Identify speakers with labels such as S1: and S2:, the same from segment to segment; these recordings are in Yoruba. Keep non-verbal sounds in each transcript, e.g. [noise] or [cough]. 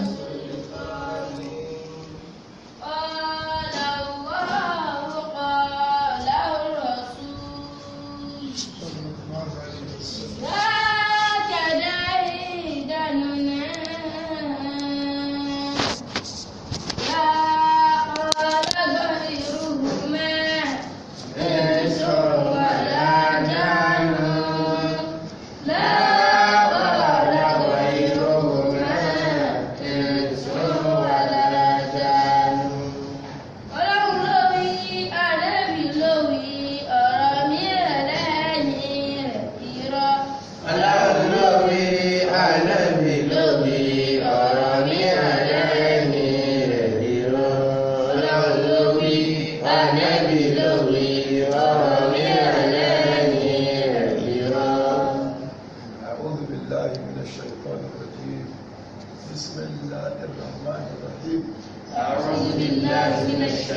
S1: Gracias.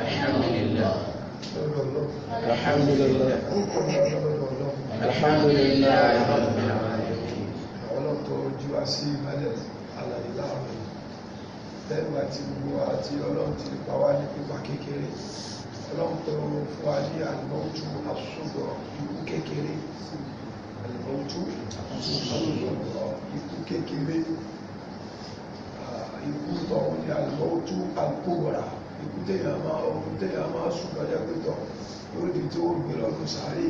S2: الحمد لله الحمد لله الحمد لله رب العالمين ọlọ́tọ̀ ojú àṣí ìmọ́lẹ̀ alàyè láàrin lẹ́gbà tí gbogbo àti ọlọ́run ti pa wá ní pípa kékeré ọlọ́run tó fún wa ní àlùmọ́jú ìjẹyàn máa ọ̀hún ìjẹyàn máa sùn lọ́jọ́ pẹ̀tọ̀ lórí ibi tí ó ń gbé lọ́dún sáré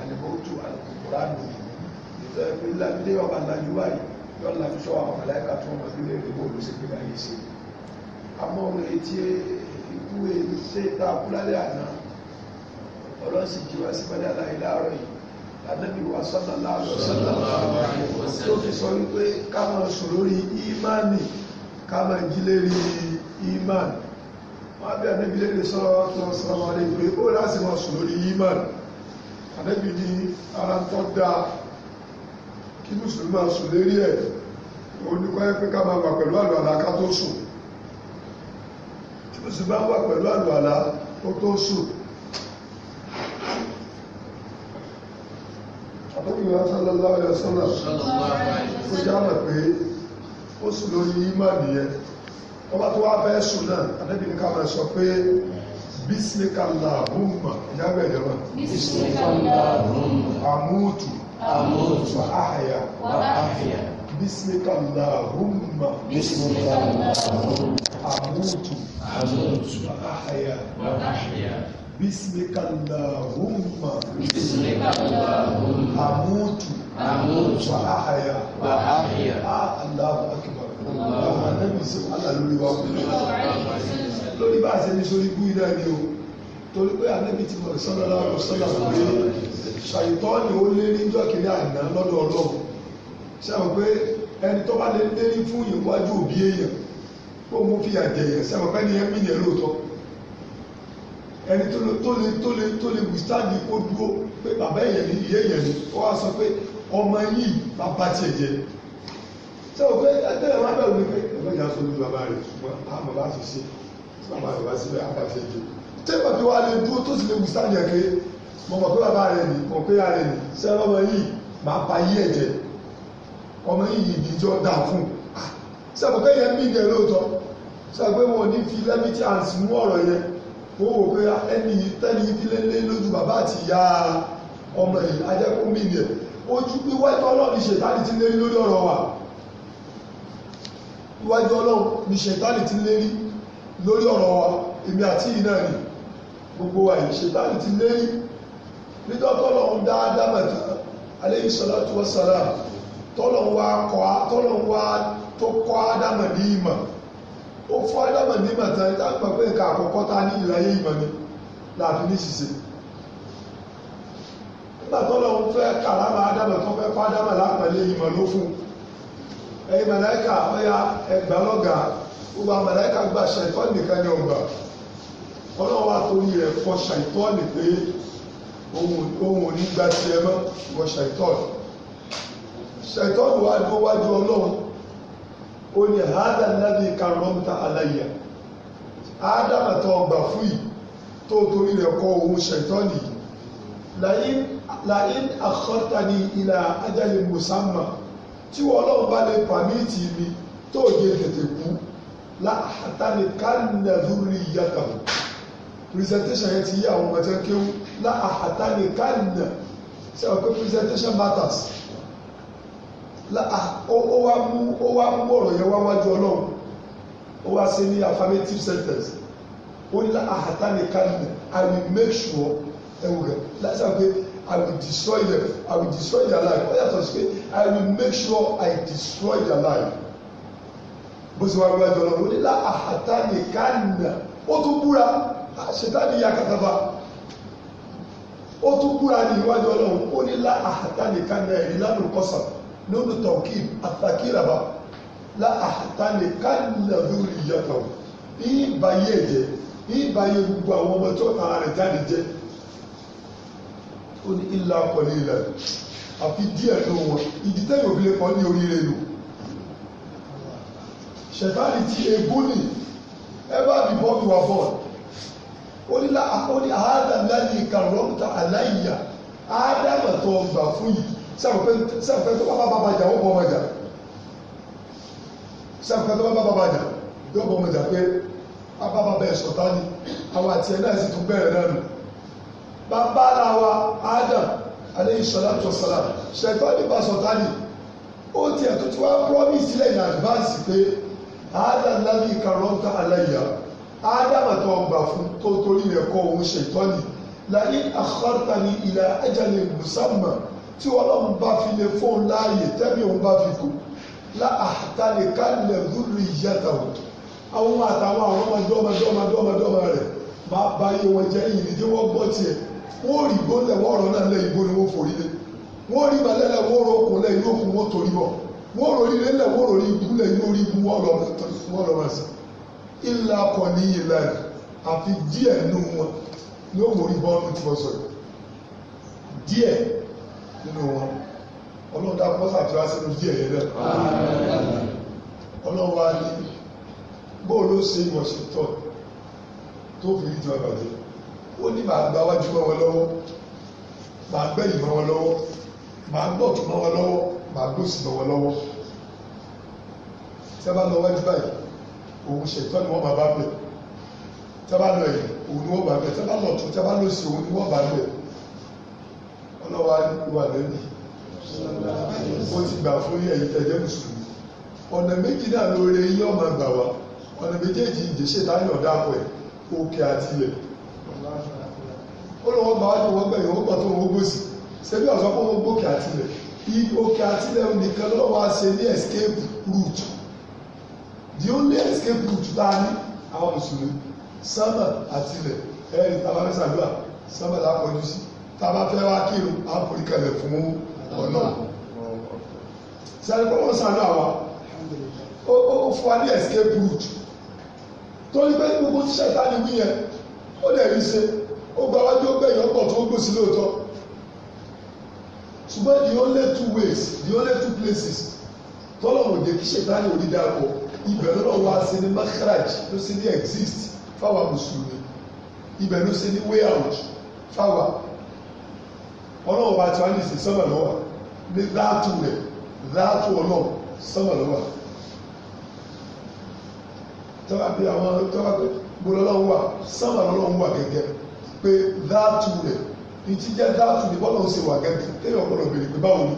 S2: àlèmọ́tò àlùkùránù nítorí pé lábílé ọba lájú báyìí yọ́ lájú sọ àwọn màláíkà tó wọn nílé ìrìnbó olùsègbè ayé sí àmọ́ orin etí ikú èyí ṣe ìta abúlálẹ̀ àná ọlọ́sì jí wá sí pẹ́lẹ́ àlàyé láàárọ̀ yìí lànàbí wa sọ́nà láàárọ̀ sọ́nà tó fi sọ wípé ká máa sùn lórí ìmánì ká wọ́n bí ànábì lè lè sọ́rọ̀ tó sọ́rọ̀ wà lè pé ó láti mọ̀ sùn lórí iman ànábì ní ara tó dá kí mùsùlùmí máa sùn lérí ẹ̀ oníkọ́ ẹ pé ká máa wà pẹ̀lú àlọ́ àlá ká tó sùn tí mùsùlùmí máa wà pẹ̀lú àlọ́ àlá ó tó sùn àtọ́kùn ìwà sallallahu alaihi wasallam ó já mọ̀ pé ó sùn lórí iman nìyẹn ọba tó wá fẹ́ sùn náà anábì ní ká máa sọ pé bísíkàlà hùmà ìyá bẹ̀rẹ̀ wọn. bísíkàlà hùmà. àmútù. àmútù. wà á àyà. wà á àyà. bísíkàlà hùmà. bísíkàlà hùmà. àmútù. àmútù. wà á àyà. wà á àyà. بسمك اللهم بسمك اللهم أموت أموت وأحيا وأحيا الله أكبر الله àtẹ́bí sí wàhálà lórí wa kù lórí bá a ṣe ní sórí ikú iná ni o torí pé àtẹ́bí ti mọ̀ sọ́dọ̀ láwọn sọ́dọ̀ pé ṣàyìntọ́ ni ó lé ní ìjọ kìíní àná lọ́dọ̀ ọlọ́run ṣe àwọn pé ẹni tó bá lè lé ní fún ìwájú òbí èèyàn kó mú fi àjẹyẹ ṣe àwọn pé ẹni yẹn mí yẹn lóòótọ́ ẹni tó lè tó lè tó lè tó lè withstand kó dúró pé bàbá èèyàn ni ìyá èèyàn ni ó wá sọ pé ọmọ yìí bàbá tiẹ̀ jẹ́ ṣé o fẹ́ ẹ̀tẹ́lẹ̀ máa bẹ̀rù ní pé ẹ̀fẹ́ ìyá sọ ní bàbá rẹ̀ ṣùgbọ́n àmọ́ bá ti ṣe bàbá rẹ̀ wá síbẹ̀ àbá ṣe jù tẹ́ bàbá wa lè dúró tó sì lè wùsà ní ẹ̀kẹ́ mọ̀ mọ̀ pé bàbá rẹ̀ nì mọ̀ pé rẹ̀ nì ṣé ọmọ yìí máa pa yí ẹ̀jẹ̀ ọmọ yìí ìdíjọ́ dà fún ah, ṣé o fẹ́ yẹn bí ìdẹ̀ lóòótọ́ ṣé o fẹ́ wọn ní fi lẹ́mítì àǹtí mú ọ̀rọ̀ yẹn ó wò pé ah, ẹni tẹ́ni yìí dílé lé lójú bàbá àti ìyá ọmọ yìí ajẹ́kùn mí ni ẹ̀ ojú wíwájú ọlọ́ọ̀ni ṣètàlì ti lé lórí ọ̀rọ̀ wa níwájú ọlọ́run ní ṣẹ̀tánì ti lérí lórí ọ̀rọ̀ wa èmi àti iná rè gbogbo wa yìí ṣẹ̀tánì ti lérí nítorí dáadáa mẹ́ta aleyhi salatu wa salam tọ́lọ́run wa kọ́ a tọ́lọ́run wa tó kọ́ ádámà ní ìmọ̀ ó fọ́ ádámà ní ìmọ̀ tán tá pẹ̀ pé nǹkan àkọ́kọ́ tá ní ìlàyé ìmọ̀ ni láàfin ní ṣiṣẹ́ nígbà tọ́lọ́run fẹ́ kàlámà ádámà tó fẹ́ kọ́ ádámà lápẹ̀lẹ́ ìmọ̀ ló fún un ẹ̀yin màláìkà ọ̀yà ẹgbà lọ́gà gbogbo àwọn màláìkà gba ṣàìtọ́ nìkan ní ọgbà ọlọ́run wa torí rẹ̀ fọ ṣàìtọ́ nì pé ohun ò ní gba tiẹ̀ mọ́ wọ ṣàìtọ́ ṣàìtọ́ ni wàá dúró wájú ọlọ́run ó ní àádá nábì karọ́mta aláyà àádá màtọ ọgbà fún yìí tó torí rẹ̀ kọ ohun ṣàìtọ́ nìyí làyín àkọ́ta ní ilà ajáyé musamman tí wọ́n ọlọ́run bá lè pàmìtì mi tó yẹ tètè kú láàtàní kánàdúrí yàtọ̀ presentation yẹn ti yí àwọn ọmọ tẹ́ kéwú láàtàní kánà ṣe wọ́n pé presentation matters ah, ó wá mú ó wá mú ọ̀rọ̀ yẹn wá wájú ọlọ́run ó wá sí ní affirmative sentence ó ní láàtàní kánà I will make sure ẹ wù rẹ̀ láti sọ I will destroy them. I will destroy their life. Ó yàtọ̀ sí pé I will make sure I destroy their life. Bó ṣe wá wá jọ lọ́wọ́ ní lá àhàtà nìkan ó tún búra ah, ṣètàdí ya kàtàbà ó tún búra ní iwájú ọlọ́run ó ní lá àhàtà nìkan nà ẹ̀rí lánàá kọ́sà lónìí tọ̀kì àtàkìràbà lá àhàtà nìkan nà lórí ìyàtọ̀ ìbáyé jẹ ìbáyé gbogbo àwọn ọmọ tó ara rẹ̀ jáde jẹ́ ó ní ilà ọkọ̀lẹ̀ ilẹ̀ àfi díẹ̀ ló wọn ìdí tẹ́lẹ̀ òbí lè pọ̀ ní oríire lò ṣẹ̀tàlì ti ebú ni ẹ bá bí bọ́ọ̀lù wà bọ́ọ̀lù ó ní àádàm láti ìkàrọ̀mùtà aláìyá àádàm tó gbà fún yìí sàfẹ́ tó bá bá bàjà ó bọ́ bàjà sàfẹ́ tó bá bá bàjà yóò bọ́ bàjà pé abábàbà ẹ̀sọ̀tá ni àwọn àti ẹ̀ bàbá ara wa Adam aleyhi salatu wa salam ṣẹ̀tọ́ nípa sọ̀tánì ó tiẹ̀ tó ti wá promise lẹ́yìn advance pé Adam lábí karonta aláìyá Adam àti ọgbà fún tó torí rẹ̀ kọ́ òun ṣètọ́ni láyé àkọ́ta ní ilà ajalè musamman tí ọlọ́run bá fi lè fóun láàyè tẹ́bí òun bá fi kù láàtàlẹ̀ kálẹ̀ lórí ìyàtà òun àwọn àtàwọn àwọn ọmọdé ọmọdé ọmọdé ọmọdé ọmọ rẹ̀ máa bá yé wọn jẹ́ ìrìndínwọ́gbọ́ tiẹ̀ wọ́n rí gbólẹ̀ wọ́n rọ̀ náà lẹ̀ ìbò ni wọ́n forí lé wọ́n rí balẹ̀ lẹ̀ wọ́n rọ̀ okùn lẹ̀ yóò fún wọn torí bọ̀ wọ́n rọ̀ ilé lẹ̀ wọ́n rọ̀ ibú lẹ̀ yóò rí ibú wọ́n lọ wọ́n lọ sí ilà kọ̀ ní ilà ẹ̀ àfi díẹ̀ nínú wọn ni ó mórí bọ́ọ̀nù tí wọ́n sọ díẹ̀ nínú wọn ọlọ́run dá pọ́ sàfihàn sínú díẹ̀ yẹn lẹ̀ tó fi rí ìjọba jẹ́ ó ní màá gba wájú mọ́ wọn lọ́wọ́ màá gbẹ̀yìn mọ́ wọn lọ́wọ́ màá gbọ̀tún mọ́ wọn lọ́wọ́ màá gbòsì mọ́ wọn lọ́wọ́ tí a bá lọ wájú báyìí òun ṣètọ́ ni wọ́n máa bá bẹ̀ tí a bá lọ ẹ̀yìn òun ni wọ́n bá bẹ̀ tí a bá lọ tún tí a bá lọ sí òun ni wọ́n bá bẹ̀ ọlọ́wà wà lẹ́nu ó ti gbà fún ẹ̀yìn tẹ̀jẹ́ mùsùlùmí ọ̀nà méjì náà lóore yín ọmọ gbà wá ọ̀nà méjèèjì ìdè ṣètà yọ̀ dápọ̀ ẹ̀ òkè àtilẹ̀ ó lọ́wọ́ gbà wájú wọ́n gbẹ̀yìn wọ́n gbà tó wọ́n gbòsì ṣebí ọ̀sọ́ fún wọn gbókè àtìlẹ̀ òkè àtìlẹ̀ nìkan lọ́wọ́ wá ṣe ní escape route the only escape route tá a ní àwọn mùsùlùmí sánmà àtìlẹ̀ ẹ̀rí tábà fẹ́ ṣàdúrà sánmà lápọ̀jù sí tábà fẹ́ wá kírun àforíkalẹ̀ fún ọ̀nà sẹ́ni pé wọ́n ṣàdúrà wa ó fún wa ní escape route torí pé gbogbo tíṣẹ̀ tá a ní wí yẹn ó lè rí ṣe ó gba wájú ó gbẹ̀yìn ọ̀pọ̀ tó ń gbòsí lóòótọ́ ṣùgbọ́n the only two ways the only two places tọ́lọ̀mù jẹ́ kí ṣètánì orí dàpọ̀ ibẹ̀ lọ́rọ̀ wá sí ní makaraj ló sì ní exist fáwa mùsùlùmí ibẹ̀ ló sì ní way out fáwa ọlọ́run wa ti wá ní ìsìn sọ́mọ̀ lọ́wọ́ ní dáàtú rẹ̀ dáàtú ọlọ́run sọ́mọ̀ lọ́wọ́ tọ́wọ́ bí àwọn tọ́wọ́ gbọ́dọ̀ lọ́wọ́ wà sọ́mọ̀ lọ́wọ́ wà gẹ́gẹ́ pé dáàtú rẹ̀ ìtí jẹ́ dáàtú ní bọ́lá òsè wà gẹ́gẹ́ téèyàn gbọ́dọ̀ béèrè pé báwo ni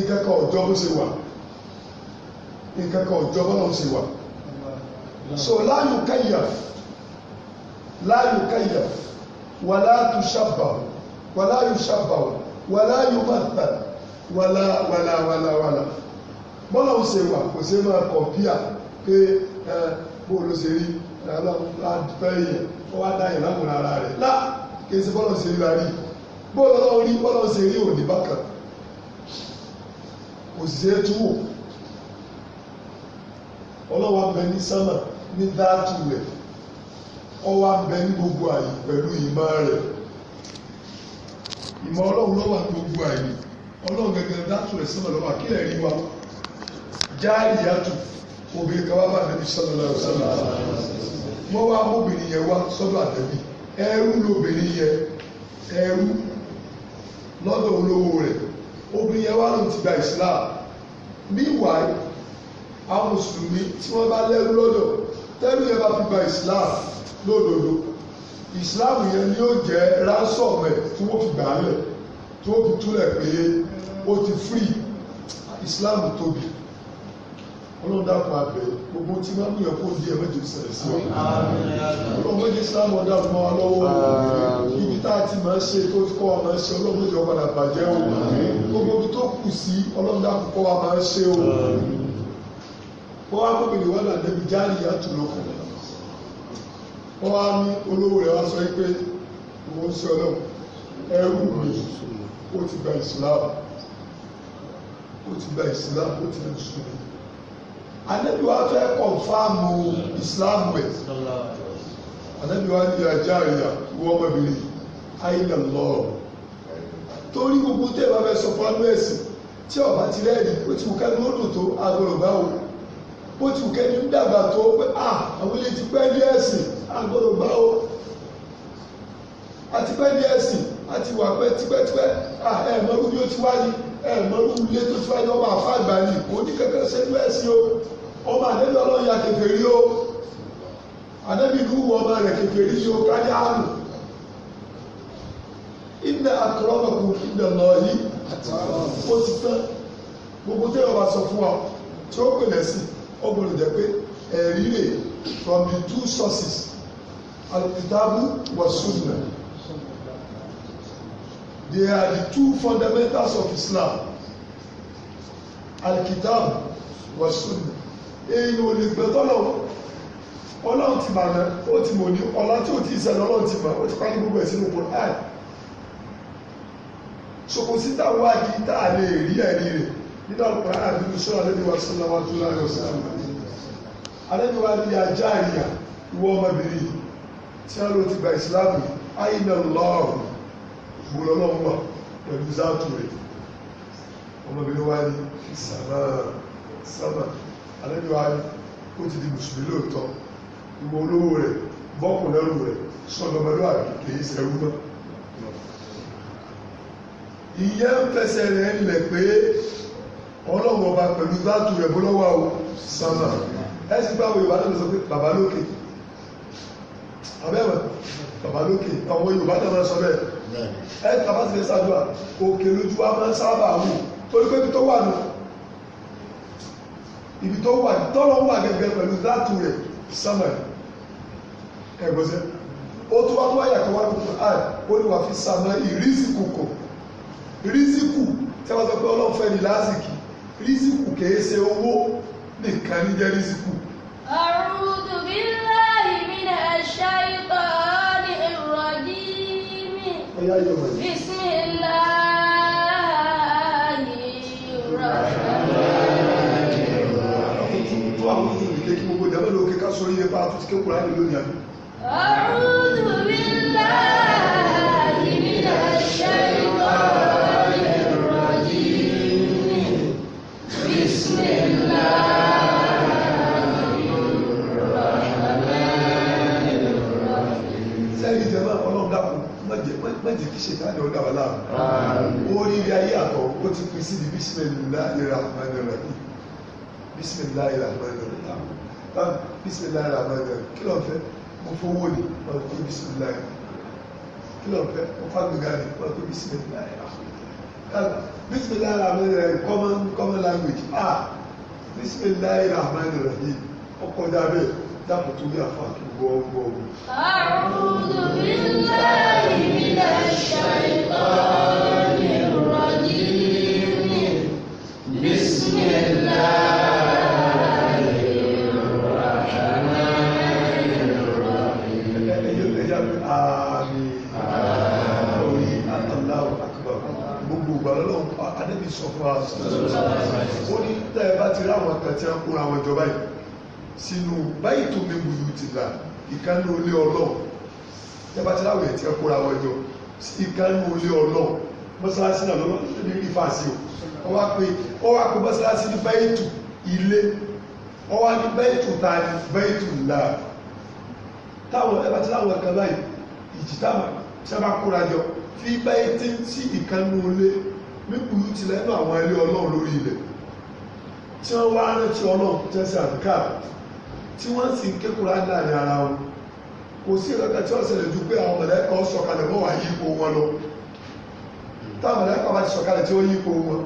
S2: ìkẹ́kọ̀ọ́ ọjọ́ bó ṣe wà ìkẹ́kọ̀ọ́ ọjọ́ bọ́lá òsè wà so láyò kẹyà láyò kẹyà wàlá tu sábà wàlá yóò sábà wàlá yóò má tà wàlá wàlá wàlá wàlá bọ́lá òsè wà kò sí máa kọ̀ bíà pé ẹ eh, bó ló ṣe rí. ọlọ́run fẹ́ yẹ ó wá dá ìlànà ara rẹ̀ lá kí n sì bọ́lọ̀ ṣe rí rí bọ́ọ̀lù ọlọ́run rí bọ́ọ̀lù rí òní bákan kò ṣe tú wò ọlọ́wọ́ abẹ ní sánà ní dáàtú rẹ̀ ọwọ́ abẹ ní gbogbo àyè pẹ̀lú ìmọ̀ rẹ̀ ìmọ̀ ọlọ́run gbogbo àyè ọlọ́run gẹ́gẹ́ dáàtú rẹ̀ obìnrin kan wá bá ànábì sallallahu alaihi wasallam wọ́n wá obìnrin yẹn wá sọ́dọ̀ ànábì ẹrú lobìnrin yẹn ẹrú lọ́dọ̀ olówó rẹ̀ obìnrin yẹn wá lóun ti gba islam meanwhile àwọn mùsùlùmí tí wọ́n bá lẹ́rú lọ́dọ̀ tẹ́rù yẹn bá fi gba islam lódodo islam yẹn ni yóò jẹ́ ransom ẹ̀ tí wọ́n fi gbà á lẹ̀ tí wọ́n fi túlẹ̀ pé ó ti free islam tóbi ọlọ́run dàpọ̀ àbẹ̀ gbogbo tí máa ń yàn kó di ẹ̀mẹ́jọ sẹ̀rẹ̀ sí ọ. ọlọ́run méjì ọ̀dà fún wa lọ́wọ́ ibi tá a ti máa ṣe tó kọ́ wa máa ṣe ọlọ́run ọ̀padà bàjẹ́ o gbogbo ibi tó kù sí ọlọ́run dàpọ̀ kọ́ wa máa ṣe o. wọ́n wá gbogbo ìwé ọ̀là débi jáàlì yàtọ̀ lọ́kọ̀ wọ́n wá ní olówó rẹ̀ wá sọ pé òun ṣe ọlọ́run ẹrù mi ó ti gba ìsìláàmù ó ti gba ìsìláàmù anabi wa fẹ́ kọ̀nfàmù islam wẹ̀ anabi wa ní ajá ìyá wọ́n mọ̀bìrì ayílẹ̀ lọ torí gbogbo tẹ́ bá fẹ́ sọ fún tí ọba ti rẹ́ẹ̀dì ó ti wù kẹ́ni tó agbọ̀rọ̀ wò ó ti wù kẹ́ni dàgbà tó pé à àwọn ilé ti pẹ́ ní ẹ̀sìn agbọ̀rọ̀ gbà a pẹ́ ní ẹ̀sìn wà pẹ́ tipẹ́tipẹ́ à ẹ̀ ti wáyé ẹ̀ mọ́rú ilé tó ti wáyé ọba àfa o. ọba àdébí ọlọ́run ya kèfèrí o àdébí ìlú wọ ọba rẹ̀ kèfèrí o kájá àlù ilẹ̀ àtọ́rọ́bọ̀kù ilẹ̀ lọ yìí ó ti tán gbogbo tí ọba sọ fún wa tí ó pè lẹ́sìn ó jẹ́ pé ẹ̀rí rè from the two sources alukitabu wa sunna they are the two fundamentals of Islam alukitabu wa sunna èèyàn ò lè gbẹ tọ́lọ̀ ọlọ́run ti màná ó ti mọ̀ ní ọlá tí ò tí ì ṣẹlẹ̀ ọlọ́run ti mọ̀ ó ti parí gbogbo ẹ̀ sínú Qur'an sokosi tá a wádìí tá a lè rí ẹ̀rí rẹ̀ nínú Qur'an àdúgbò sọ́ọ́ alẹ́bíwá sọ́lá wa tó láyọ̀ sí àwọn alẹ́bíwá ni ajá àríyá ìwọ ọmọbìnrin tí a lò ti gba ìsìláàmù àyìnà lọ́ọ̀rù gbọ́lọ́lọ́wọ́ pẹ̀lú záàtù rẹ̀ ọmọbìnrin wa ni sàmà sàmà alẹ́bí wa ó ti di mùsùlùmí lóòótọ́ ìwọ olówó rẹ̀ bọ́kùn lẹ́rù rẹ̀ sọ̀dọ̀mọlúwàbí kìí ṣẹrú mọ́ ìyẹn ń fẹsẹ̀ rẹ̀ lẹ̀ pé ọlọ́run ọba pẹ̀lú gbáàtù rẹ̀ bọ́lọ́wọ́ àwọn sánmà ẹ sì gbáwò yorùbá tó sọ pé bàbá lókè abẹ́wẹ̀ bàbá lókè àwọn yorùbá tó máa sọ bẹ́ẹ̀ ẹ tàbá sì lè ṣàdúrà òkè lójú wa máa ń sábà wù torí pé tó wà nù ibi tó wà tọ́lọ́ wà gẹ́gẹ́ pẹ̀lú dátù rẹ̀ sánmà ẹ̀gbọ́sẹ̀ ó tó wá tó wáyà tó wá tó tó àì ó ní wà fi sàmà ìrísìkù kò rísìkù tí pé ọlọ́fẹ́ ni lásìkì rísìkù kìí ṣe owó nìkan ní jẹ́ rísìkù.
S1: A'udhu billahi minash shaytanir rajim. Bismillah.
S2: fún àwọn ìlú ìké kí gbogbo ìdábẹ́ lókè ká sórí ipa tó ti kékùrá ní lónìí àbí.
S1: ọ̀rùn mi
S2: láàá ìmìnà ṣe ìwọ̀ ẹ̀rọ yìí bísmìláà. sẹ́yìn ìjọba ọlọ́run dàpọ̀ mẹ́jẹ̀ kí ṣètàní ọ̀dà wà láàrùn orí ayé àtọ̀ ó ti pín sí ibi bísmìláà ìrà àmàlẹ́rà bisimilayi rahman rahim báwo bisimilayi rahman rahim kí ló ń fẹ́ mo fowó ni wọ́n fi bisimilayi kí ló mo fàgbéga ni wọ́n fi bisimilayi rahman bisimilayi rahman common common language ah bisimilayi rahman rahim ọkọ̀ dábẹ́ dáàbò tó yà fún àtúgbò ọgbọ̀n. àrùn tó bí láì nílẹ̀ ṣàìkọ́. ó ní tẹ́ ẹ bá ti ráwọn kan tí wọ́n kóra wọn jọ báyìí sínú báyìí tó mi wùyù ti là ìkánú ilé ọlọ́run tẹ́ ẹ bá ti ráwọn ẹ̀ tí wọ́n kóra wọn jọ ìkánú ilé ọlọ́run mọ́sálásí náà lọ́wọ́ ní rífàsí o wá pé ó wá pé mọ́sálásí ní bẹ́ẹ̀tù ilé ó wá ní bẹ́ẹ̀tù ta ní bẹ́ẹ̀tù ńlá táwọn ẹbá tí láwọn ẹ̀kan báyìí ìjì táwọn sábà kóra jọ fi bẹ́ẹ̀tì sí ìkanú ilé nípùlú ti lẹ́nu àwọn ilé ọlọ́run lórí ilẹ̀ tí wọ́n wá rántí ọlọ́run jẹ́sẹ̀ àdúkà tí wọ́n sì ń kékùrá láàrin ara wọn kò sí ìrẹ́kẹ́ tí wọ́n ṣẹlẹ̀ ju pé àwọn mọ̀lẹ́kọ̀ sọ̀kalẹ̀ wà yí ipò wọn lọ mọ̀lẹ́kọ̀ bá ti sọ̀kalẹ̀ tí yí ipò wọn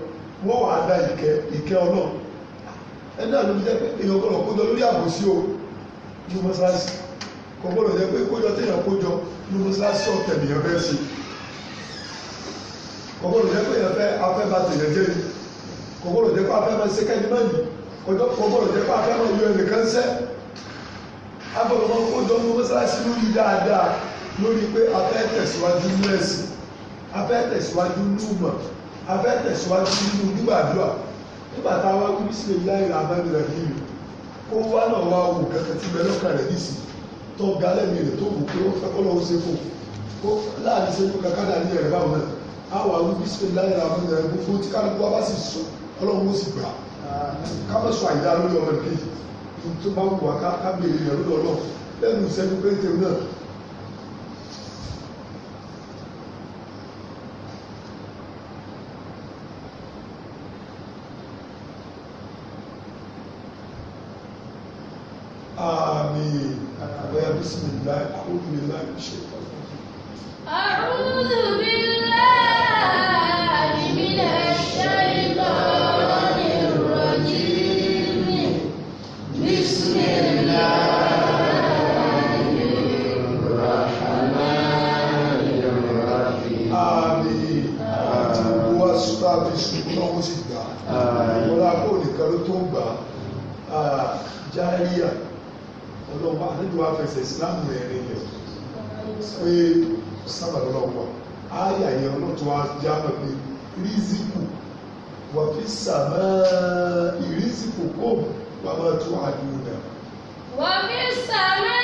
S2: wọ́n dá ìkẹ́ ìkẹ́ ọlọ́run ló fi jẹ́ pé èèyàn kọ̀gbọ́n ló jẹ́ pé yẹn fẹ́ afẹ́ bá tèèyàn jẹ́ ni kọ̀gbọ́n ló jẹ́ pé afẹ́ máa ṣe kẹ́ni máa yìí kọ̀gbọ́n ló jẹ́ pé afẹ́ máa yọ ẹnìkan sẹ́ agbọ̀dọ̀ máa kó jọ ní mọ́sálásí lórí dáadáa lórí pé afẹ́ tẹ̀síwájú ní ẹ̀sìn afẹ́ tẹ̀síwájú ní ìmọ̀ afẹ́ tẹ̀síwájú nínú gbígbàdúrà nígbà tá a wá wí sí ilé ìlà abẹ́rẹ́ yìí kó wá náà wá wò kẹkẹ tí bẹ lọ́kàn rẹ̀ yìí sí tó ga lẹ́mìí rẹ̀ tó wù pé ó fẹ́ kọ́ lọ́wọ́ ṣe fò láàrin ṣe fún kankan náà ní ẹ̀rẹ́ báwọn náà àwọn àwọn bisimilayi àwọn ẹ̀rọ gbogbo tí kálukú wa bá sì sọ ọlọ́run ó sì gbà ká má sọ àyíká lórí ọmọ ìbí tó bá wù wá ká béèrè yẹn lórí ọlọ́run lẹ́nu ìṣẹ́jú péńté náà. آمين بسم الله أعوذ بالله من الشيطان الرجيم
S1: أعوذ بالله
S2: ọlọ́run sì gbà wọ́n lápò nìkan ló tó ń gbà járíà ọlọ́run àdéjọ́ afẹsẹ̀ ìsìláàmù ẹ̀rin yẹn pé sábà lọ́wọ́ àyà yẹn ọlọ́tún wa já mọ̀ pé rízìkù wà fi sàmà ìrízìkù kò wà máa tún àdúrà.
S1: wà fi sàmà.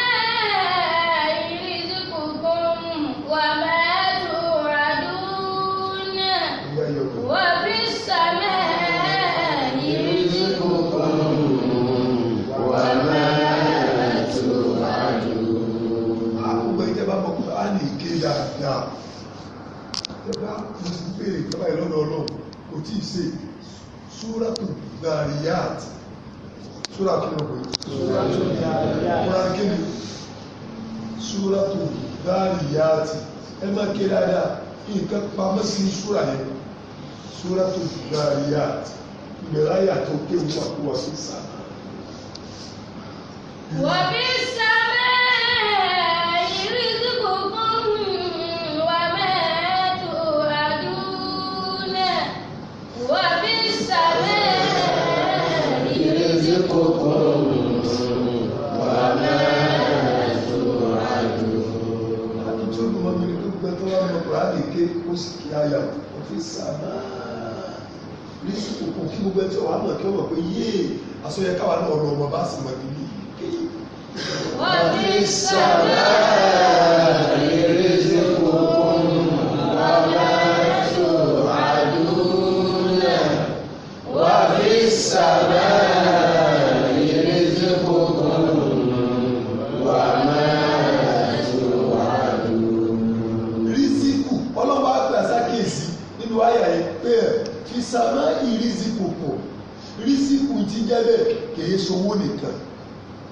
S2: tí ì ṣe súrátù Dariyat súrátù lọ́pọ̀ kúrákìlì súrátù Dariyat ẹ máa ké dáadáa nǹkan pamọ́ sí súrà yẹn súrátù Dariyat ìgbẹ̀láyà tó kéwù àkúwà sí sáà. wọ́n bí sábẹ́. ó sì kí ayà òfin sàmà rísù kòkò kí gbogbo ẹjọ́ wà mọ̀ kí ó mọ̀ pé yéè àsọyẹ káwa náà ọ̀rọ̀ ọmọ bá sì mọ̀ níbí wọ́n ti sàmà. jẹ́ bẹ́ẹ̀ kìí sowó nìkan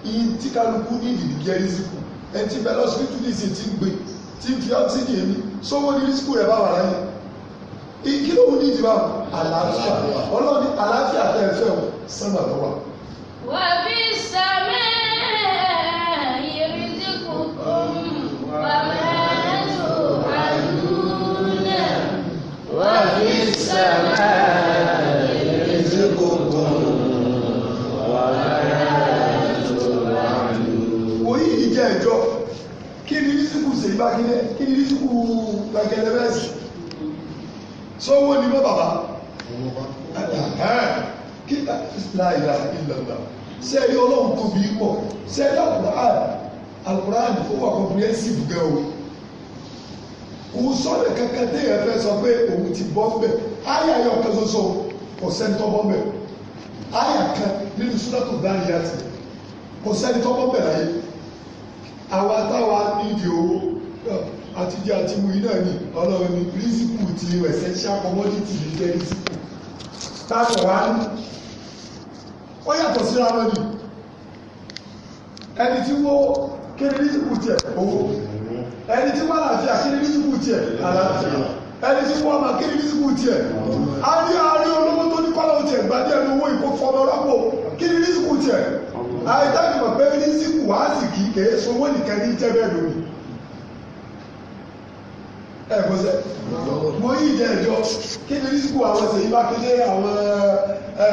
S2: iye tí kálukú nídìí ní jẹ́ rísíkù ẹni tí bẹ́ẹ̀ lọ́sibítù ní ìsìn ti ń gbé tí ń fi ọ́ksíjì mi sowó ní rísíkù rẹ̀ bá wà láyé ìkílòwò nídìí bá àlàáfíà ọlọ́ọ̀ni àlàáfíà tẹ́ ẹ fẹ́ o sábà lọ́wọ́ kí ni rísíkù gbàgẹ̀lẹ̀ rẹ́sì sọ́wọ́ ni mọ́ bàbá kí láìlà ìlànà ṣe ẹ̀rí ọlọ́run tóbi pọ̀ ṣe ẹ̀rí alukur'an alukur'an ó wà comprehensive gan o kò sọ̀rọ̀ kankan téèyàn fẹ́ sọ pé òun ti bọ́ bẹ̀ ayé ayọ̀ kan ṣoṣo kò sẹ́ni tó bọ́ bẹ̀ ayé kan nínú súnátò dáhìí àti kò sẹ́ni tó bọ́ bẹ̀ láyé àwa táwa nídìí owó àtijọ́ àti mu yìí náà ni ọlọ́run ní pírísìpù ti essential commodity ní tẹ́lifísì táàbù wá ní wọ́n yàtọ̀ síra wọn ni ẹni tí wọ́n kéré pírísìpù tiẹ̀ owó ẹni tí wọ́n àlàáfíà kéré pírísìpù tiẹ̀ àlàáfíà ẹni tí wọ́n máa kéré pírísìpù tiẹ̀ a rí àárí olówó tó ní kọ́lá tiẹ̀ gbadé ẹnu owó ìkófọ́nà rọ́pò kéré pírísìpù tiẹ̀ àìdáàbò pé pírísìpù wàásì kì í kéré sowó nìkan ní jẹ́bẹ̀ẹ́ lónìí ẹ kò sẹ mo yí ìjẹ ìjọ kébìrì sùkú àwọn ṣèyí bá kéde àwọn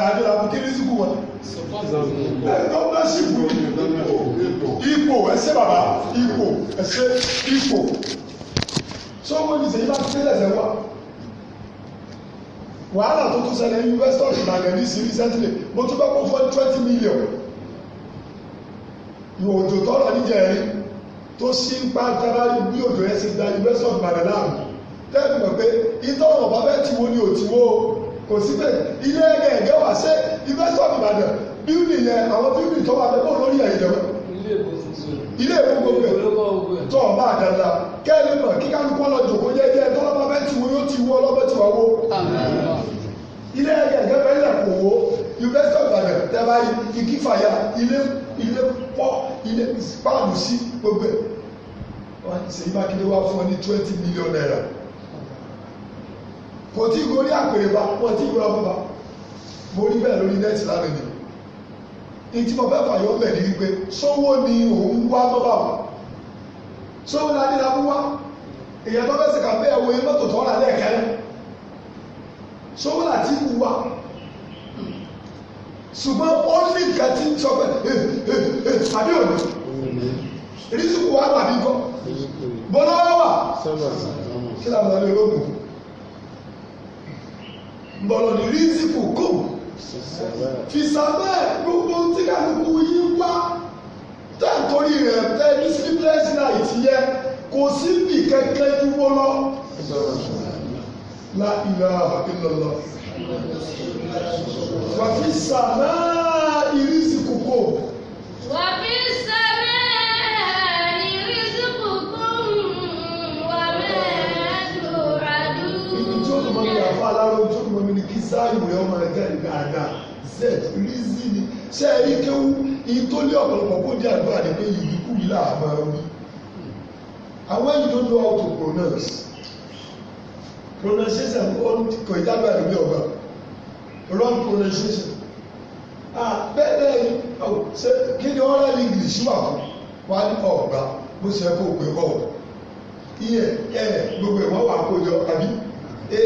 S2: àjọyọ̀ àwọn kébìrì sùkú wọn. gọ́ọ̀nàṣìpù ipò ẹsẹ bàbá ipò ẹsẹ ipò sọ́wọ́n ní ṣèyí bá kéde ẹsẹ̀ wa wàhálà tó tún ṣẹlẹ̀ investors ìbàdàn ní sí recently mo tún bá kó fún twenty million yòòjò tọ́lọ̀ níjẹ̀ẹ́rì tó ṣí ń pa tábàrí bí òjò ẹ̀ sì gba university of Ibadan tẹ́lẹ̀ mọ̀ pé ìtọ́ ọ̀bá fẹ́ tiwo ni ò tiwo kò sí pé ilé ẹgbẹ́ ẹ̀gẹ́ wà ṣe university of Ibadan bíúdì yẹn àwọn bíúdì tó wà lẹ́kọ̀ọ́ lórí ẹ̀yẹ̀ wọn ilé ìwé gbogbo ẹ̀ tó ọba àdàdà kẹ́lẹ́ mọ̀ kí kálukú ọlọ́jọ́ kó jẹ́ jẹ́ tọ́lọ́pàá bẹ́ẹ̀ tiwo yóò tiwo ọlọ́pàá tiwa wo ilé ẹgbẹ́ ẹ̀gẹ́ fẹ́ lẹ̀ kò wo university of Ibadan tẹ́ báyìí ikífàyà ilé pọ̀ ilé páàlù sí gbogbo ẹ̀ wọ́n ti ṣe ìbákilé wá fún ọ ní twenty million naira kò tí gorí àpèrè bá wọ́n ti gbọ́ra fún ba mo rí bẹ́ẹ̀ lórí nẹ́ẹ̀tì lánàá ni ìtì mo fẹ́ fàyọ́ bẹ̀ ni wípé sówó ni òun wá tó bá wà sówó la ní la mú wá èèyàn tó fẹ́ sèkà bẹ́ẹ̀ wo ilé mọ́tò tó rà lẹ́ẹ̀kẹ́rẹ́ sówó la ti wù wá ṣùgbọ́n ó ní nǹkan tí ń sọ pé eh, eh, eh, àbí òní ìrísìkò wa tàbí kọ́ bọ́lá wà kí làwọn ọmọ ilé ológun bọ̀lọ̀ ní rísìkò kù fìsàbẹ́ gbogbo tí kálukú yín wá tẹ́ǹtorí rẹ̀ tẹ́ ní sleepless night yẹ kò sí bì kẹ́kẹ́ dúró lọ. la ilaha illallah wàfi sàmà ìrísí kòkó. wàfi sàmà ìrísí kòkó
S1: ibi tí ó tún máa ń yà fún
S2: aláró tí ó tún máa kí sáàyù rẹ̀ ọmọ rẹ̀ z rízì ni ṣé ẹ rí kéwú iye tó ní ọ̀pọ̀lọpọ̀ kó jẹ́ àdúrà ní yìí làwọn máa ń wí. àwọn yìí ló know how to pronounce pronunciation kò ìdágbà ẹ̀mí ọ̀gbà wrong pronunciation ah bẹ́ẹ̀ bẹ́ẹ̀ ni ṣe kí ni oral english wà fún wa ní ọ̀gbà bó ṣe kó gbé bọ̀ iye ẹ gbogbo ìwọ́n wà kójọ àbí a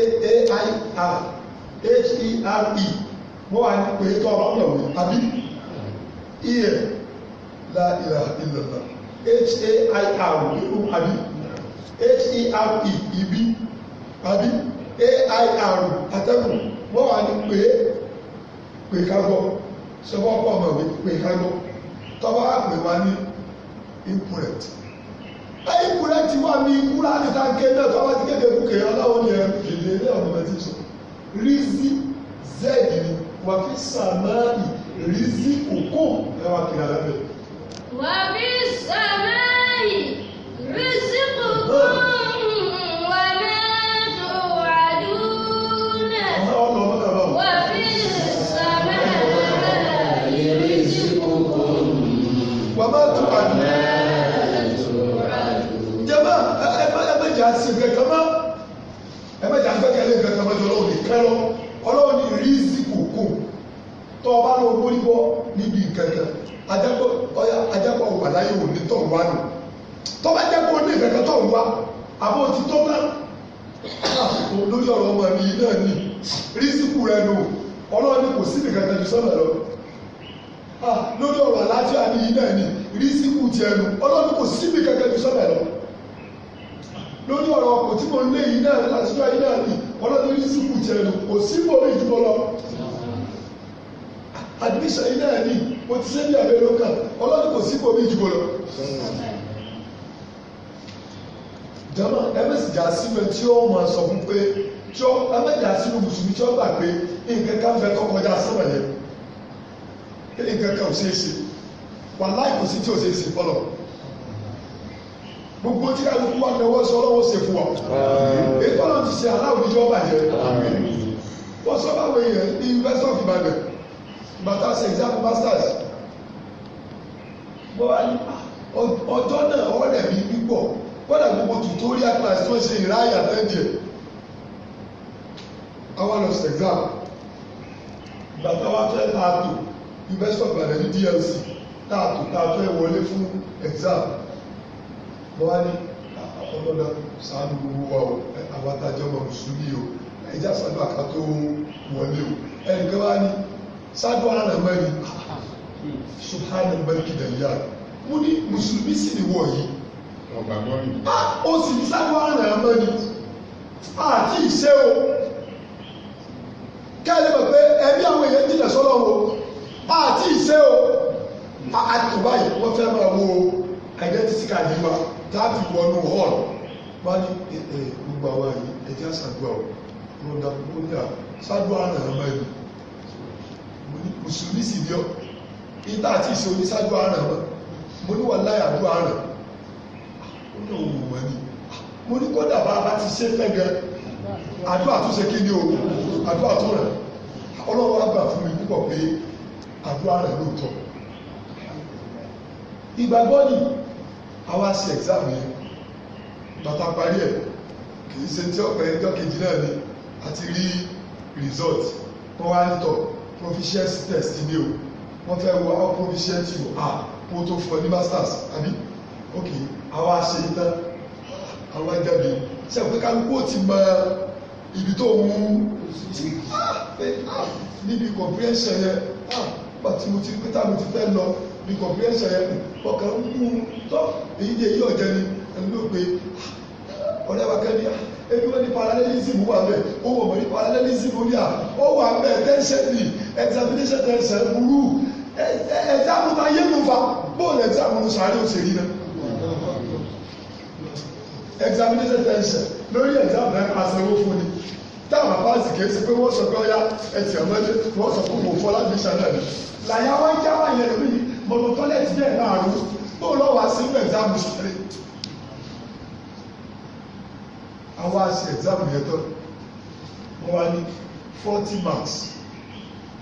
S2: a i r h e r e wọ́n wà ní pé tọ́ ọ̀rọ̀ ọ̀nà wò àbí iye la ìlà ìlànà h a i r e àbí h e r e ìbí àbí air atẹ́gùn wọ́n wà ní pé pé ká gbọ́ sọ́wọ́ pọ̀ ọmọ ìwé pé ká gbọ́ tọ́wọ́ àpè wá ní impurent impurent wà ní ikúra níta gé náà tọ́wọ́ ti kéde kúkè ọlọ́wọ́ ní ẹ̀rù ìdílé ilé ọ̀nà mẹ́tì sọ rízí zẹ́ẹ̀dì ni wà fi sàmáì rízí òkú ẹwà kiri alábẹ́.
S1: wà fi sàmáì rízí òkú.
S2: wàmà tó àdùn. jẹ́mọ́ ẹ̀mẹ́jà sí kẹ̀kẹ́ mọ́ ẹ̀mẹ́jà gbẹ́kẹ̀lé kẹ̀kẹ́ mọ́ tó lọ́wọ́ nìkan lọ ọlọ́wọ́ ní rízì kòkó tó ọba lọ mórí bọ́ níbi kẹ̀kẹ́ ajakọ̀ wà láyé òní tó wà nù tó bá jẹ́ kó ní kẹ̀kẹ́ tó wà àbó ti tó náà ah, lórí ọ̀rọ̀ ọmọ mi náà ní rízì kù rẹ̀ nù ọlọ́wọ́ ní kò sí nìkan tẹ̀jú sọ́nà lọ́wọ́ lórí ọ̀rọ̀ àlàáfíà ní yìí náà ni rísíkù ti ẹnu ọlọ́run kò síbi kankan ju sọ́dọ̀ lọ lórí ọ̀rọ̀ ọkọ̀ tí mo ń lé yìí náà lásìkò yìí náà ni ọlọ́run rísíkù ti ẹnu kò sí bòmí ìdúró lọ admission yìí náà ni mo ti sẹ́ni àbẹ̀rẹ̀ ọkà ọlọ́run kò sí bòmí ìdúró lọ jama ẹbí sì já sí mi tí ó máa sọ fún pé tí ó ẹbí já sí mi mùsùlùmí tí ó gbà pé nǹkan kan fẹ́ kọ́kọ́ já sí mi yẹn kí ni nǹkan kan ò ṣeé ṣe wà láì kò sí tí ò ṣeé ṣe fọlọ gbogbo tí a lùkú wa lọ́wọ́ se lọ́wọ́ ṣe fún ọ ètò ọ̀nà ti ṣe aláwọ̀ ìjọ bàjẹ́ wọ́n sọ báwo yẹn ní university of Ibadan bàtà ṣe exam masters bó wá ní ah, ọjọ́ náà ọwọ́ rẹ̀ mi púpọ̀ kọ́dà gbogbo tutorial class tó ń ṣe ìráyà lẹ́jẹ̀ àwọn lọ ṣe exam bàtà wa fẹ́ máa tò university of ibadan ní dlc tá a tó tá a fẹ́ wọlé fún exam wọ́n wá ní ọlọ́dà sàánú gbogbo wa o àwọn adájọ́ ọmọ mùsùlùmí o ẹja sàánú àká tó wọlé o ẹnìkan wá ní sàánú àrà mẹ́rin ah, ah, subhanahu mẹ́rin kìdàlíyà mo ní mùsùlùmí sì ni wọ̀ yìí ó ah, sì ní sàánú a mẹ́rin àti ìṣe o kẹ́lẹ́ mọ̀ pé ẹbí àwọn èèyàn jìnà sọ́lọ́wọ́. àti ah, ìṣe o yi, wọ́n wo identity card wa hall eh, eh, gbogbo o mo dà mo ní à ṣáàdúrà rẹ̀ ẹ̀ máa yìí mo ní ọ àti ìṣe oníṣáàdúrà rẹ̀ mọ́ mo ní wà láyà àdúrà o ó o òun mọ̀ a ti ni o àdúrà rẹ̀ lóòótọ́ ìgbàgbọ́ ni àwa ṣe ẹ̀gzáàmù yẹn bàtà parí ẹ̀ kìí ṣe tí ọ̀pẹ ẹjọ́ kejì náà ni àti rí result wọ́n wá ń tọ̀ proficiency test ni o wọ́n fẹ́ wo how proficient you are kó tó fún ọ ní masters àbí ok àwa ṣe é tán àwa jáde ṣe àpé kálukú ó ti mọ ibi tó mú ah, ah, níbi comprehension yẹn. Ah, nígbà tí mo ti rí pé táwọn ti fẹ́ lọ ní comprehension yẹn kù ọkàn ń mú un tọ́ èyí ni èyí ọ̀jẹ̀ ni ẹni ló pe ah, ọ̀rẹ́ wa kẹ́ni ah, ebi wọ́n ní parallelism wà bẹ́ẹ̀ ó wọ̀ mọ́ ní parallelism ó ní à ah, ó wà bẹ́ẹ̀ tension ni examination tension burú ẹ̀ẹ́dàmú ta yé mu fa bóòlù ẹ̀ẹ́dàmú nu sàárẹ̀ òṣèré náà examination tension lórí ẹ̀ẹ́dàmú náà aṣẹ́wó fún ni táwọn apáàsì kìí ṣe pé wọ́n sọ pé ọ̀ya ẹ̀sìn ọ̀mọ́dé wọ́n sọ pé kò fọ́ láti ṣàlàyé làyà wá ń jáwá yẹn lórí mọ̀tò tọ́lẹ̀tì bẹ́ẹ̀ náà rú bó lọ́wọ́ àṣẹ ń bẹ̀rẹ̀ sáà mùsùlùmí. àwọn àṣẹ ẹ̀sáàmù yẹn tọ́ wọ́n wá ní forty marks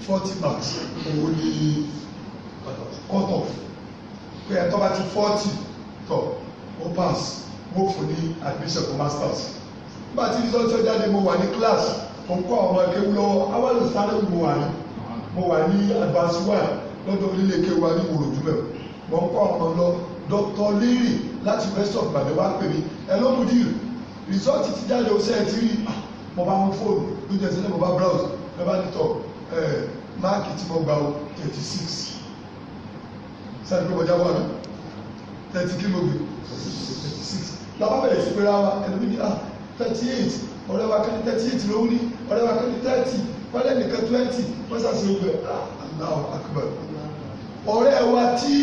S2: forty marks owó ní kọ́tọ̀ pé ẹ̀tọ́ bá ti forty tọ̀ ó pass mo fún ní admission for masters nígbà tí result jáde mo wà ní class mo kọ́ àwọn ọmọ akéwú lọ́wọ́ awálùsálẹ̀ mo wà ní mo wà ní advance one lọ́dọ̀ onílé ike wa ní ìwòrò jùlọ mo ń kọ́ ọmọ lọ dr liri láti west of gbàdé wá pè mí ẹ ló mú díìrì rìsọ́ọ̀tì ti jáde ọ̀sẹ̀ ẹ̀ ti rí ah, mo bá mú fóònù ló jẹ́ sílẹ̀ mo bá browse mo bá nítọ̀ máàkì tí mo gbà ó thirty six sáré pé mo jábọ̀ àná thirty kí mo gbé thirty six làwọn bẹ̀rẹ̀ sí pé ra wa ẹlòmíní ah thirty eight ọ̀rẹ́ wa kẹ́ni thirty eight ló ń ní ọ̀rẹ́ wa kẹ́ni thirty. wọ́n nìkan twenty wọ́n sàṣẹ ọgbẹ́ ah, Allahu Akbar ọ̀rẹ́ wa tí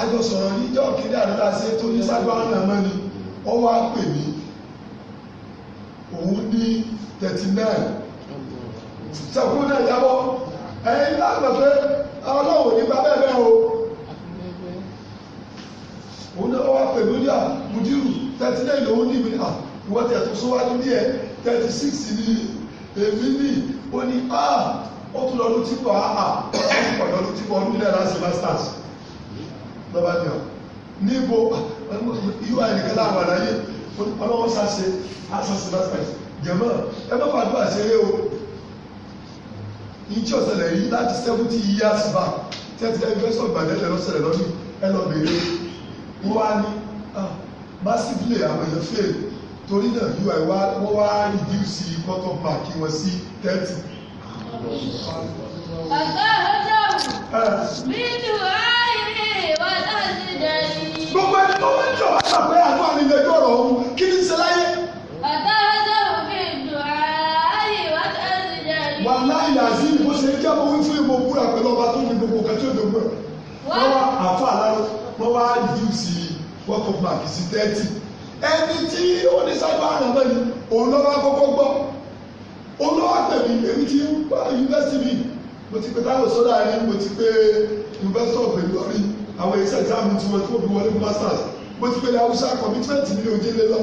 S2: àjọ sọ̀rọ̀ níjọ́ kíndà tó ní sábàá náà ni ní thirty nine sẹ́kù náà yábọ̀ ẹ̀yin lágbà pé ọlọ́wọ́ o òun náà ní ah, thirty nine lòun ní ìwọ́n thirty six èmi ní ó ní á ah, ó tún lọ lótí bọ̀ áhà ah, ah, ó lọ lótí bọ̀ ọdún náírà sí masters lọ́ba ní ọ níbo yóò àyẹ̀kẹ́ láwọn àlàyé ọlọ́wọ́ sáṣe àṣàṣe masters jẹ̀mọ́ ẹ má fàdúrà ṣeré o ìjọ ṣẹlẹ̀ yìí láti seventy years back tẹ́tí ẹgbẹ́sọ̀ gbàdẹ́lẹ̀ lọ́sẹ̀lẹ̀ lọ́dún ẹ lọ bèrè wọ́n á ní massively àwọn èèyàn fèrè torí náà ui wá wọ́n wá reduce cotton pack wọn sí thirty.
S1: ọ̀gá ọjọ́ mi tù áyè wà láti dẹ̀yìn.
S2: gbogbo ẹni tó ń jọ wá sọ pé àgbà mi lè dọ̀rọ̀ ọ̀hún kí ni
S1: ṣe láyé. ọ̀gá ọjọ́ mi tù áyè wà láti dẹ̀yìn. wàláhì àzí
S2: bó ṣe jẹ́ mo wí fún ìmọ̀ búra pẹ̀lú ọba tó ní gbogbo kẹtí òjò gbọ́ wọ́n wá àfa àláró wọ́n wá reduce cotton pack sí thirty ẹni tí ó ní sábà rẹ̀ náà ni òun ló wá kọ́kọ́ gbọ́ òun ló wá pè mí èmi ti wá yunifásitì mi mo ti pe táwọn sọ́dà rí mo ti pe yunifásitì ọ̀gbẹ̀ lọ́rí àwọn iṣẹ́ ìsáàmù tí wọ́n tó fi wọlé masters mo ti pe ní haúsá commitment mi ò délé lọ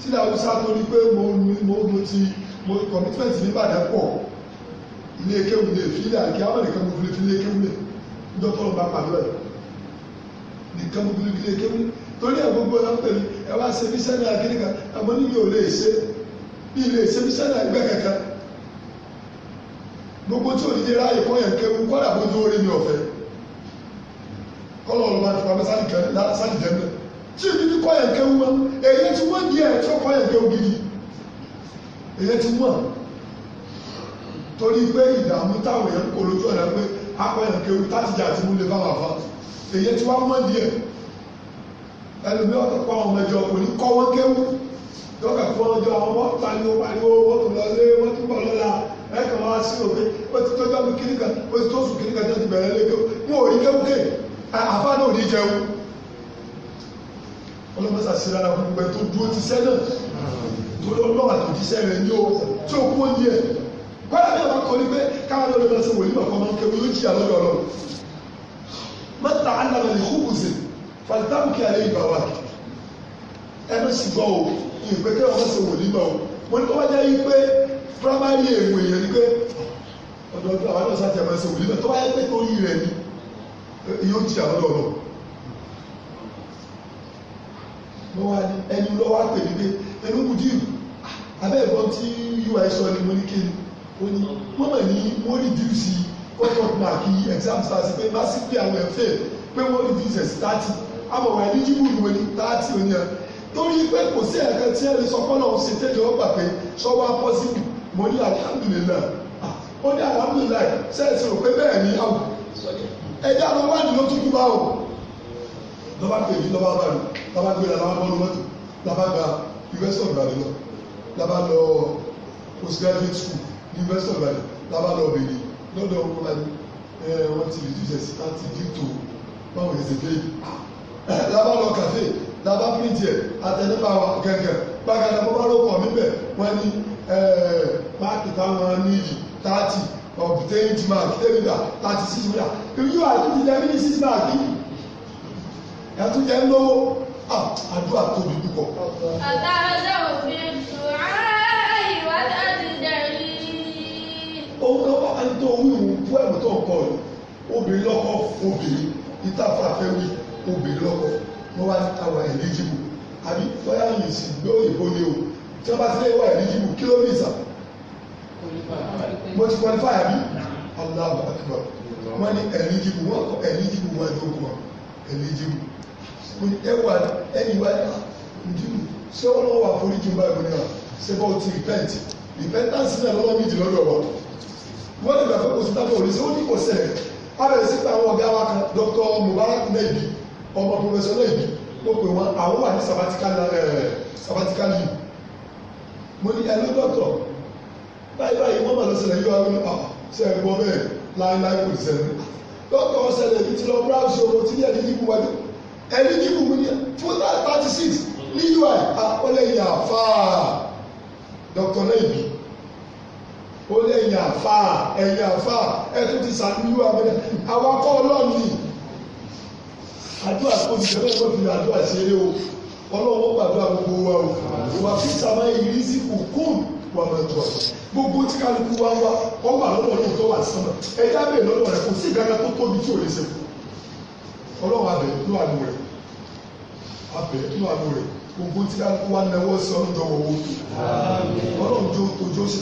S2: sí ní haúsá tó ní pé mo mo mo ti mo commitment mi bàdẹ́ pọ̀ ilé kéwù lè fi ilé àkíyá wọn nìkan mo fi lè fi ilé kéwù ń dọ́tọ́ lọ́ba pàdé ẹ̀ nìkan mo fi lè fi ilé kéwù torí ẹ̀ gbogbo ẹ̀ ń pè mí ẹ wá ṣe mísẹ́nà akíní kan àmọ́ níbi ò lè ṣe bí lè ṣe mísẹ́nà ẹgbẹ́ kankan gbogbo tí òdìdí ráàyè kọ́ yẹn kéwu kọ́dà bó tó rí mi ọ̀fẹ́ kọ́lọ́ ọ̀rọ̀ máa fipá bá sáàlì jẹ́ mẹ́ tí òdìdí kọ́ yẹn kéwu mọ́ èyí tí wọ́n di ẹ̀ tí ó kọ́ yẹn kéwu gidi èyí tí wọ́n torí pé ìdààmú táwọn yẹn kò lójú ọ̀nà pé akọ yẹn kéwu táti jà ti mú lè fáwọn àfa ẹlòmí ọ̀tọ̀ pa ọmọ ẹjọ́ kò ní kọ́ wọn kéwù lọ́kà fún ọjọ́ àwọn wọ́n pariwo pariwo wọ́n tún lọ lé wọ́n tún bọ̀ lọ́la ẹ̀ka wá sí òfin ó ti tọ́jú àwọn kìnìkan ó ti tó sùn kìnìkan tó ti bẹ̀rẹ̀ lé kéwù wọn ò rí kéwù ké àfa náà ò ní jẹun ọlọ́mọsà sí ara fún gbẹ tó dúró ti sẹ́ náà tó lọ lọ́wọ́ àti òjíṣẹ́ rẹ̀ ní o tí o kú ó yẹ kọ́lá bí ọba kọ́ ni pé káwọn lọ́dọ̀ lọ́sẹ̀ wòlíì ọ̀kọ́ máa ń kéwù yóò jìyà lọ́dọ̀ ọlọ́run mọ́ta alábàlì kúkùsì fàtàbùkì àlẹ́ ìgbà wa ẹ bẹ sì gbọ́ o ìpèkè ọmọ sì wò nígbà o mo ní kó bá jẹ́ yí pé primary èèwò èèyàn ni pé ọ̀dọ̀ọ̀dọ̀ àwọn náà sáà ti àmọ́ ẹsẹ̀ wò nígbà tó bá yẹ pé torí rẹ̀ ni yóò ti àwọn lọ́rọ̀ mo wá ní ẹni lọ́wọ́ á pè mí pé ẹnu kù díìrù abẹ́ ìbọn tí ui sọ ni mo ní kí ni ó ní wọ́n mọ̀ ní wọ́n reduce comfort mark exam stars pé má sí pé àwọn ẹ̀fẹ́ pé wọ́n reduce ẹ̀ sí àbọ̀wọ̀ eligible ìwé ní thirty oní ẹ̀ torí pé kò sí ẹ̀ka tí ẹ̀rí sọpọ́nà ọ̀sìn tẹ́lẹ̀ ó gbà pé sọ́wọ́ apọ́sibù mo ní alhamdulillah ó ní alhamdulillah sẹ́ẹ̀sì rò pé bẹ́ẹ̀ ni àwọ̀ ẹ̀dá lọ wá ní lótú kúbá o lọ́ba pèjì lọ́ba bá mi lọ́ba gbéra lọ́ba bọ́ọ̀lù mọ́tò lọ́ba gba university of Ibadan lọ́ba lọ postgraduate school university of Ibadan lọ́ba lọ bèèrè lọ́dọ̀ ọkùnrin ẹ̀ eh, wọ́n ti reduce ẹ̀ sí láti dìtò báwọn ẹ̀sẹ̀ bẹ́ẹ̀ [coughs] lábá lọ kàfé lábá píríntì ẹ̀ àtẹnípa wa gẹ̀gẹ̀ gbàgàdà bó bá ló kọ̀ níbẹ̀ wọ́n ní máàkì táwọn níyì thirty obtained mark tẹ́lifà thirty six mark yóò àtúntì jẹ́ mílí six mark ẹ̀túnjẹ́ lówó àdúrà tóbi púpọ̀.
S1: àtàlẹ́ òfin ṣùgbọ́n ìwádìí àti jẹ̀rí.
S2: òun náà wà ní tó wíwú fún ẹ̀mọ́tò ọkọ rẹ̀ obìnrin lọ́kọ́ obìnrin ìtafàfẹ́ wíwú obìnrin lọ́kọ wọ́n wá níta wà eligible àbí fire yìí sì gbé òyìnbó ni o tí wọ́n bá ti lé wà eligible kí ló ní ìsà mo ti qualify àbí Allahu Akbar wọ́n ní eligible wọ́n kọ eligible wọ́n ẹ̀dọ́ wọn eligible ẹwà ẹni wá ndínú ah, ṣé ọlọ́wọ́ àforíjì ń bá ìgbóni wa ṣé bá ti repent repentance náà lọ́wọ́ mi jì lọ́dọ̀ wa wọ́n lè gbà pé kò sí tábọ̀ òrìṣẹ́ ó ní kò sẹ́yìn abẹ́rẹ́ sí pé àwọn Dr. Mubarak Nebi ọmọ pòfẹsọ náà yìí mo pè wọn àwọn wà ní sabatikal yìí eh, mo ní ẹ lọ́dọ̀tọ̀ báyìí báyìí wọ́n mà lọ sílẹ̀ yóò wá wípé ah, ṣe é gbọ́ bẹ́ẹ̀ láéláé kò sẹ́nu lọ́kọ̀ ọ̀sẹ̀lẹ̀ yìí ti lọ browse owó tí ní eligible wájú eligible mi ní two thousand thirty six ní ui ọlẹ́yìn ah, àfáà dr lẹ́yìn ọlẹ́yìn àfáà ẹ̀yìn àfáà ẹ̀ tó ti sàánú ui abẹ́rẹ́ àwọn akọ́ ọlọ́ọ̀ni àdúrà kò sí ẹgbẹ́ ìwé ìfìlà eré o ọlọ́run ó gbàdúrà wa o ìwà tí kálukú wa wá ẹja kò sí ìgbàgbà tó tóbi tí lè ṣe abẹ ló àlù abẹ ló àlù gbogbo tí kálukú wa náwó sí jọ wọ̀wọ́ ọlọ́run jó tójú ó sì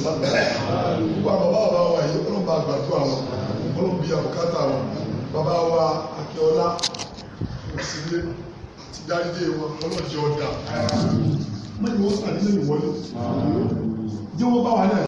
S2: gbogbo àwọn wa bá bí sílé ti dárídé wọn ọlọ́jọ́ ọ̀dà mẹ́rin wọ́n sàdílé ìwọlé jẹ́ wọ́n bá
S1: wà náà